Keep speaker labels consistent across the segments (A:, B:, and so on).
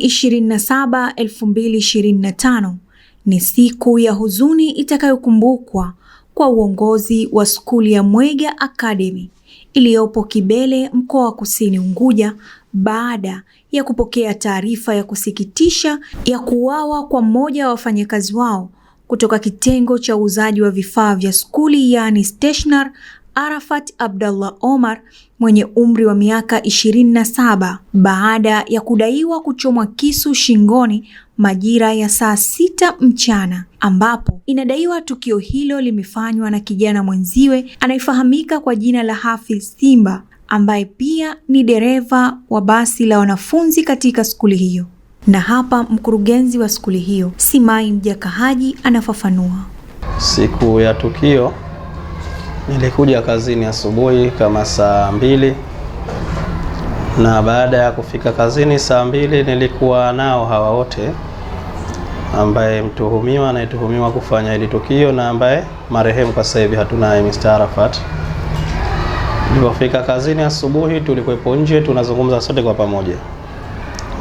A: Mei 27, 2025 ni siku ya huzuni itakayokumbukwa kwa uongozi wa skuli ya Mwega Academy iliyopo Kibele, mkoa wa Kusini Unguja baada ya kupokea taarifa ya kusikitisha ya kuuawa kwa mmoja wa wafanyakazi wao kutoka kitengo cha uuzaji wa vifaa vya skuli yaani stationery Arafat Abdallah Omar mwenye umri wa miaka 27 baada ya kudaiwa kuchomwa kisu shingoni majira ya saa sita mchana ambapo inadaiwa tukio hilo limefanywa na kijana mwenziwe anayefahamika kwa jina la Hafidh Simba ambaye pia ni dereva wa basi la wanafunzi katika skuli hiyo. Na hapa mkurugenzi wa skuli hiyo Simai Mjakahaji anafafanua
B: siku ya tukio Nilikuja kazini asubuhi kama saa mbili na baada ya kufika kazini saa mbili nilikuwa nao hawa wote, ambaye mtuhumiwa anayetuhumiwa kufanya hili tukio na ambaye marehemu kwa sasa hivi hatunaye Mr. Arafat. Nilipofika kazini asubuhi, tulikuwepo nje tunazungumza sote kwa pamoja,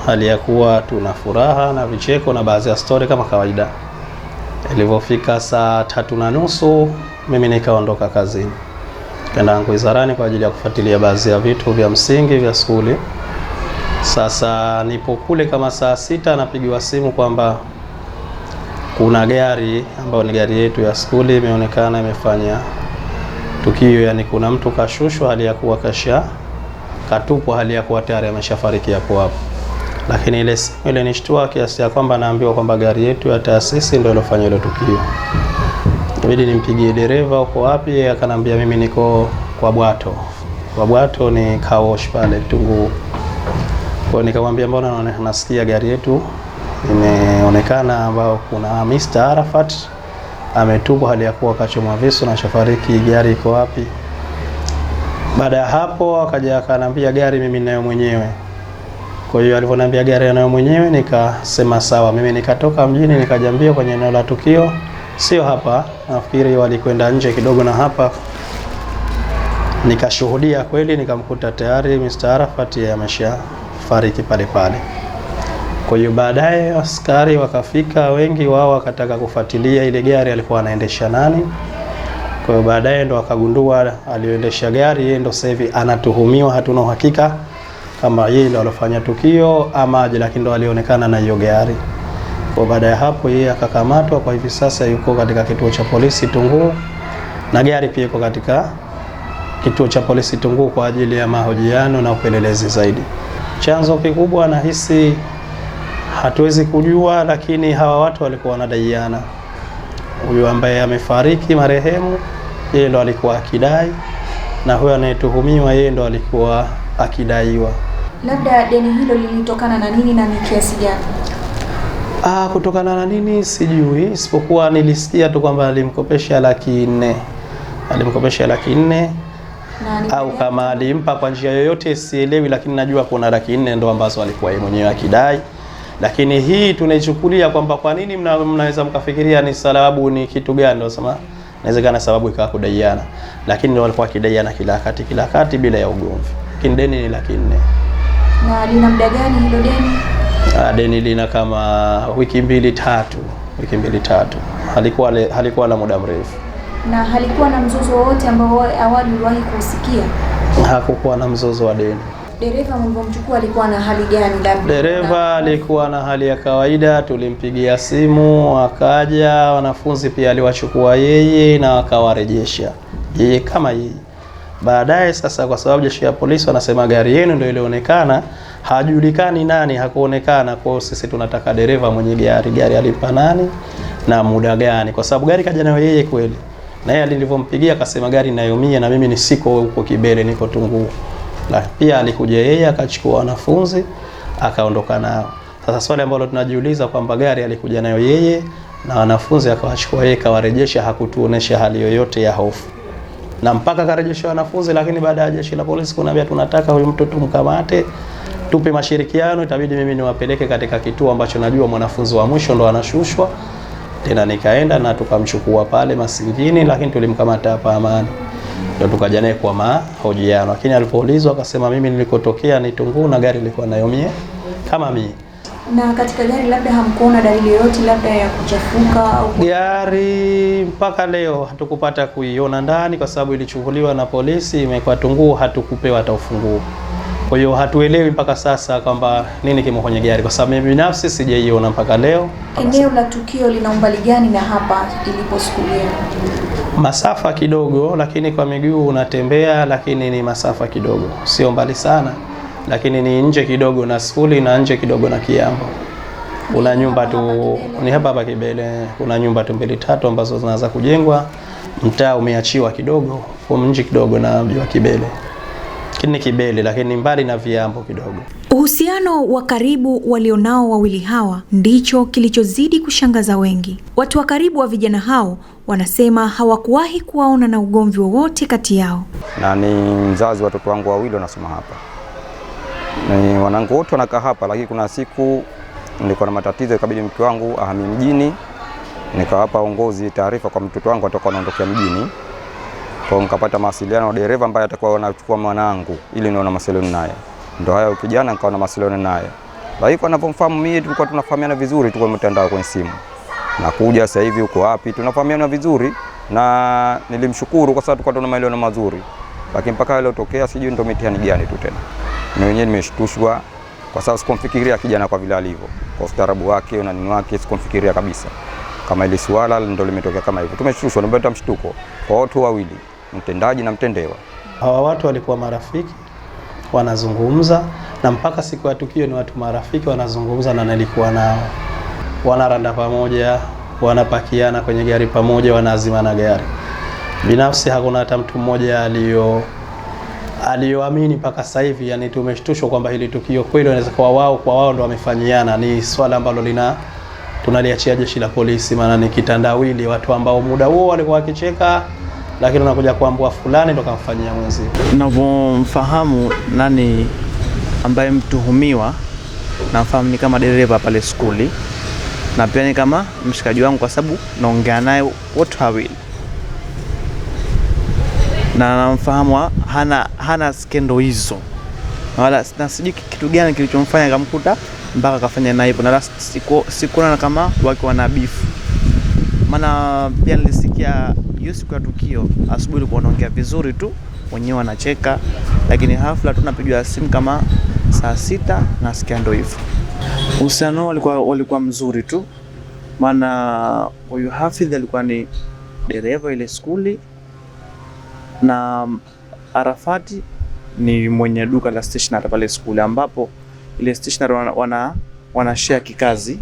B: hali ya kuwa tuna furaha na vicheko na baadhi ya stori kama kawaida. Ilivyofika saa tatu na nusu mimi nikaondoka kazini kenda yangu wizarani kwa ajili ya kufuatilia baadhi ya vitu vya msingi vya skuli. Sasa nipo kule kama saa sita, napigiwa simu kwamba kuna gari ambayo ni gari yetu ya skuli imeonekana imefanya tukio, yani kuna mtu kashushwa hali ya kuwa kasha katupwa hali ya kuwa tayari ameshafariki hapo hapo, lakini ile simu nishtua kiasi ya kwamba naambiwa kwamba gari yetu ya taasisi ndio ilofanya ile tukio. Ikabidi nimpigie dereva, uko wapi? Akanambia mimi niko kwa Bwato. Kwa Bwato ni kawosh pale Tunguu. Kwa nikamwambia mbona nasikia gari yetu imeonekana ambao kuna Mr. Arafat ametupwa hali ya kuwa akachomwa visu na shafariki, gari iko wapi? Baada ya hapo akaja akanambia gari mimi ninayo mwenyewe. Kwa hiyo alivyoniambia gari anayo mwenyewe, nikasema sawa. Mimi nikatoka mjini nikajambia kwenye eneo la tukio sio hapa, nafikiri walikwenda nje kidogo na hapa. Nikashuhudia kweli, nikamkuta tayari Mr. Arafat yeye ameshafariki pale pale. Kwa hiyo baadaye askari wakafika wengi, wao wakataka kufuatilia ile gari alikuwa anaendesha nani. Kwa hiyo baadaye ndo akagundua aliyoendesha gari yeye ndo sasa hivi anatuhumiwa. Hatuna uhakika kama yeye ndo alofanya tukio ama aje, lakini ndo alionekana na hiyo gari. Kwa baada ya hapo yeye akakamatwa, kwa hivi sasa yuko katika kituo cha polisi Tunguu na gari pia iko katika kituo cha polisi Tunguu kwa ajili ya mahojiano na upelelezi zaidi. Chanzo kikubwa nahisi hatuwezi kujua, lakini hawa watu walikuwa wanadaiana. Huyu ambaye amefariki marehemu, yeye ndo alikuwa akidai, na huyo anayetuhumiwa, yeye ndo alikuwa akidaiwa.
A: Labda deni hilo lilitokana na nini na ni kiasi gani?
B: Ah, kutokana na nini sijui, isipokuwa nilisikia tu kwamba alimkopesha laki nne, alimkopesha laki nne au kama alimpa kwa njia yoyote sielewi, lakini najua kuna laki nne ndo ambazo alikuwa yeye mwenyewe akidai. Lakini hii tunaichukulia kwamba kwa nini mna, mnaweza mkafikiria ni sababu ni kitu gani? Ndio sema inawezekana sababu ikawa kudaiana, lakini ndio walikuwa kidaiana kila wakati kila wakati bila ya ugomvi, lakini deni ni laki nne.
A: Na lina muda gani hilo deni?
B: Ah, deni lina kama wiki mbili tatu, wiki mbili tatu, halikuwa le, halikuwa la muda mrefu
A: na halikuwa na mzozo wowote ambao awali uliwahi kusikia.
B: Hakukuwa na mzozo wa deni.
A: Dereva mlivyomchukua alikuwa na hali gani? Labda
B: dereva alikuwa na hali ya kawaida, tulimpigia simu akaja. Wanafunzi pia aliwachukua yeye na akawarejesha yeye kama yeye Baadaye sasa, kwa sababu jeshi la polisi wanasema gari yenu ndio ilionekana, hajulikani nani, hakuonekana. Kwa hiyo sisi tunataka dereva mwenye gari, gari alimpa nani na muda gani, kwa sababu gari kaja nayo yeye kweli, na yeye alivyompigia akasema gari inayomia na mimi ni siko huko Kibele, niko Tunguu. Na pia alikuja yeye akachukua wanafunzi akaondoka nao. Sasa swali ambalo tunajiuliza kwamba gari alikuja nayo yeye na wanafunzi akawachukua yeye, kawarejesha, hakutuonesha hali yoyote ya hofu na mpaka karejesha wanafunzi, lakini baada ya jeshi la polisi kuniambia tunataka huyu mtu tumkamate, tupe mashirikiano, itabidi mimi niwapeleke katika kituo ambacho najua mwanafunzi wa mwisho ndo anashushwa. Tena nikaenda na tukamchukua pale Masingini, lakini tulimkamata hapa Amani, ndio tukaja naye kwa mahojiano, lakini alipoulizwa akasema mimi nilikotokea ni Tunguu na gari lilikuwa nayo mie kama mimi.
A: Na katika gari labda hamkuona dalili yoyote labda ya kuchafuka au?
B: Gari mpaka leo hatukupata kuiona ndani kwa sababu ilichukuliwa na polisi, imekuwa tunguu, hatukupewa hata ufunguo. Kwa hiyo hatuelewi mpaka sasa kwamba nini kimo kwenye gari, kwa sababu mimi binafsi sijaiona mpaka leo.
A: Eneo la tukio lina umbali gani na hapa ilipo siku leo?
B: Masafa kidogo, lakini kwa miguu unatembea, lakini ni masafa kidogo, sio mbali sana lakini ni nje kidogo na skuli na nje kidogo na Kiambo. Kuna nyumba tu ni hapa hapa Kibele, kuna nyumba tu mbili tatu ambazo zinaanza kujengwa. Mtaa umeachiwa kidogo nje kidogo na mji wa Kibele kini Kibele, lakini mbali na Viambo kidogo.
A: Uhusiano wa karibu walionao wawili hawa ndicho kilichozidi kushangaza wengi. Watu wa karibu wa vijana hao wanasema hawakuwahi kuwaona na ugomvi wowote kati yao.
B: na ni mzazi, watoto wangu wawili wanasoma hapa ni wanangu wote wanakaa hapa, lakini kuna siku nilikuwa na matatizo, ikabidi mke wangu ahami mjini, nikawapa uongozi taarifa kwa mtoto wangu atakuwa anaondokea mjini, kwa nikapata mawasiliano na dereva ambaye atakuwa anachukua mwanangu, ili niona mawasiliano naye. Ndio haya kijana nikawa na mawasiliano naye, lakini kwa ninavyofahamu mimi, tulikuwa tunafahamiana vizuri tu kwa mtandao, kwenye simu nakuja sasa hivi uko wapi, tunafahamiana vizuri na nilimshukuru kwa sababu tulikuwa tuna maelewano mazuri, lakini mpaka leo tokea, sijui ndio mitihani gani tu tena mimi wenyewe nimeshtushwa kwa sababu sikumfikiria kijana kwa vile alivyo, kwa ustaarabu wake na nini wake, sikumfikiria kabisa kama ile swala ndio limetokea kama hivyo. Tumeshtushwa, ndio mshtuko kwa watu wawili, mtendaji na mtendewa. Hawa watu walikuwa marafiki, wanazungumza na mpaka siku ya tukio ni watu marafiki, wanazungumza na nilikuwa nao, wanaranda pamoja, wanapakiana kwenye gari pamoja, wanazima na gari. Binafsi hakuna hata mtu mmoja aliyo aliyoamini mpaka sasa hivi, yani tumeshtushwa kwamba hili tukio kweli wanaweza kuwa wao kwa wao ndo wamefanyiana. Ni swala ambalo lina tunaliachia jeshi la polisi, maana ni kitandawili, watu ambao muda huo walikuwa wakicheka, lakini unakuja kuambua fulani ndo kamfanyia mwenzi. Navyomfahamu nani ambaye mtuhumiwa namfahamu ni kama dereva pale skuli, na pia ni kama mshikaji wangu, kwa sababu naongea naye wote wawili na namfahamu hana, hana skendo hizo wala na sijui kitu gani kilichomfanya kamkuta mpaka akafanya na hivyo, na sikuona kama wake wana beef, Maana pia nilisikia hiyo siku ya tukio asubuhi walikuwa wanaongea vizuri tu, wenyewe wanacheka, lakini hafla tu napigwa simu kama saa sita nasikia ndo hivyo. Uhusiano walikuwa walikuwa mzuri tu, maana huyu Hafidh alikuwa ni dereva ile skuli na um, Arafati ni mwenye duka la stationery pale skuli, ambapo ile stationery wana, wana, wana share kikazi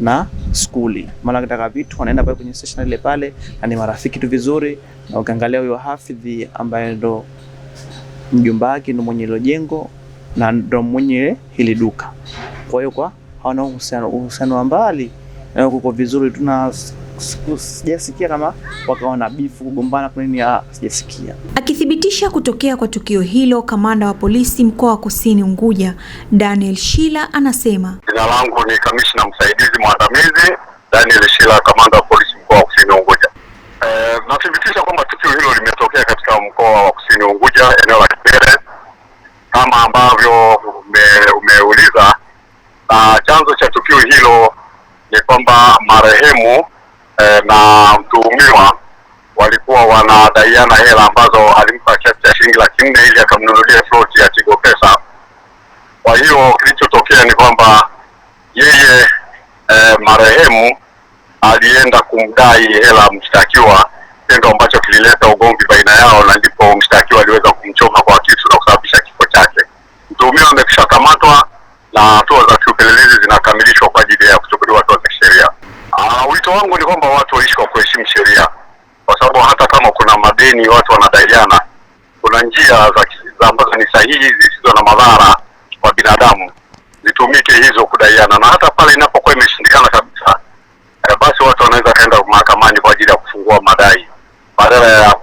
B: na skuli. Maana kitaka vitu wanaenda pale kwenye stationery ile pale, na ni marafiki tu vizuri, na ukiangalia huyo hafidhi ambaye ndo mjomba wake ndo mwenye ile jengo na ndo mwenye hili duka. Kwa hiyo kwa hawana uhusiano uhusiano wa mbali na kuko vizuri tu na sijasikia kama wakawa na bifu kugombana kwa nini, ah, sijasikia.
A: Akithibitisha kutokea kwa tukio hilo, kamanda wa polisi mkoa wa Kusini Unguja Daniel Shila anasema,
C: jina langu ni kamishna msaidizi mwa akadaiana hela ambazo alimpa kiasi cha shilingi laki nne ili akamnunulia floti ya Tigo Pesa. Kwa hiyo kilichotokea ni kwamba yeye eh, marehemu alienda kumdai hela mshtakiwa, kitendo ambacho kilileta ugomvi baina yao, na ndipo mshtakiwa aliweza kumchoma kwa kisu na kusababisha kifo chake. Mtuhumiwa amekwisha kamatwa na hatua za kiupelelezi foleni, watu wanadaiana. Kuna njia za ambazo ni sahihi zisizo na madhara kwa binadamu, zitumike hizo kudaiana, na hata pale inapokuwa imeshindikana kabisa, eh, basi watu wanaweza kaenda mahakamani kwa ajili ya kufungua madai badala ya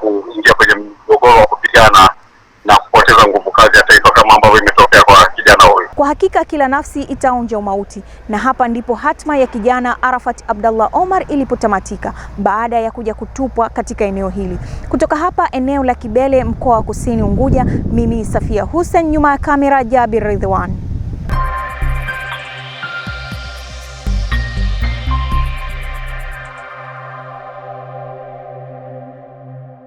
A: Hakika kila nafsi itaonja umauti. Na hapa ndipo hatma ya kijana Arafat Abdallah Omar ilipotamatika baada ya kuja kutupwa katika eneo hili. Kutoka hapa eneo la Kibele, mkoa wa Kusini Unguja, mimi Safia Hussein, nyuma ya kamera Jabir Ridwan.